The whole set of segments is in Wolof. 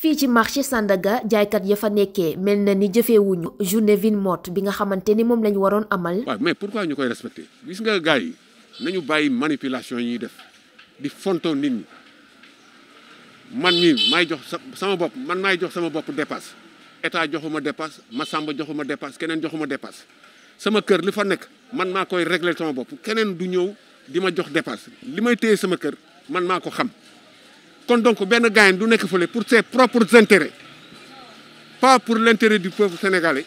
fii ci marché Sandaga jaaykat ya fa nekkee mel na ni jëfeewuñu journée Ville morte bi nga xamante ni moom la ñu waroon amal. waaw mais pourquoi ñu koy respecté gis nga gars yi nañu bàyyi manipulation yi ñuy def di fonto nit ñi man mii maay jox sama bopp man maay jox sama bopp dépasse état joxuma dépasse ma sàmba joxuma dépasse keneen joxuma dépasse sama kër li fa nekk man maa koy réglé sama bopp keneen du ñëw. di ma jox dépense li may téye sama kër man maa ko xam kon donc benn gaayen du nekk fële pour ses propres intérêts pas pour l'intérêt du peuple sénégalais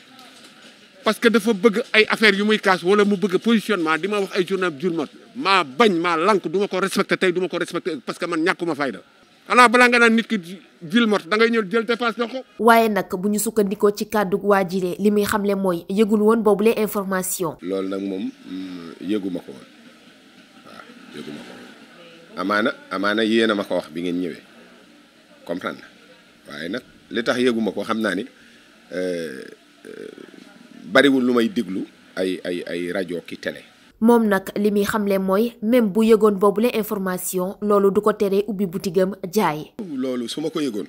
parce que dafa bëgg ay affaires yu muy kaas wala mu bëgg positionnement di ma wax ay journal journal maa bañ maa lank du ma ko respecté tey duma ko respecté parce que man ñàkkuma fayda xanaa balaa nga naan nit ki ville morte da ngay ñëw jël dépense jox ko. waaye nag bu ñu sukkandikoo ci kàddu waa jile li muy xamle mooy yëgul woon boobule information. loolu nag moom mm, yëguma ko yëguma ko amaana amaana yéen a ma ko wax bi ngeen ñëwee comprendre na waaye nag li tax yëguma ko xam naa ni euh, euh, bariwul lu may diglu ay ay ay rajo ki télé. moom nag li muy xamle mooy même bu yëgoon boobule information loolu du ko teree ubbi butigam jaay. loolu su ma ko yëgoon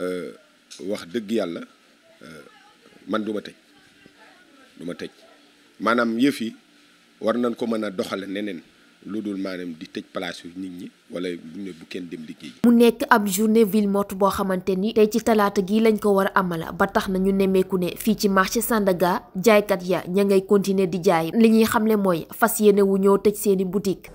euh, wax dëgg yàlla man du ma tëj du ma tëj maanaam yëfi war nañ ko mën a doxale neneen. lu dul maanaam di tëj place yu nit ñi wala bu ne bu kenn dem liggéey mu nekk ab journée ville morte boo xamante ni tey ci talaata gi lañ ko war a amala ba tax na ñu nemmeeku ne fii ci marché Sandaga jaaykat ya ña ngay continuer di jaay li ñuy xamle mooy fas yéene wu ñoo tëj seeni boutique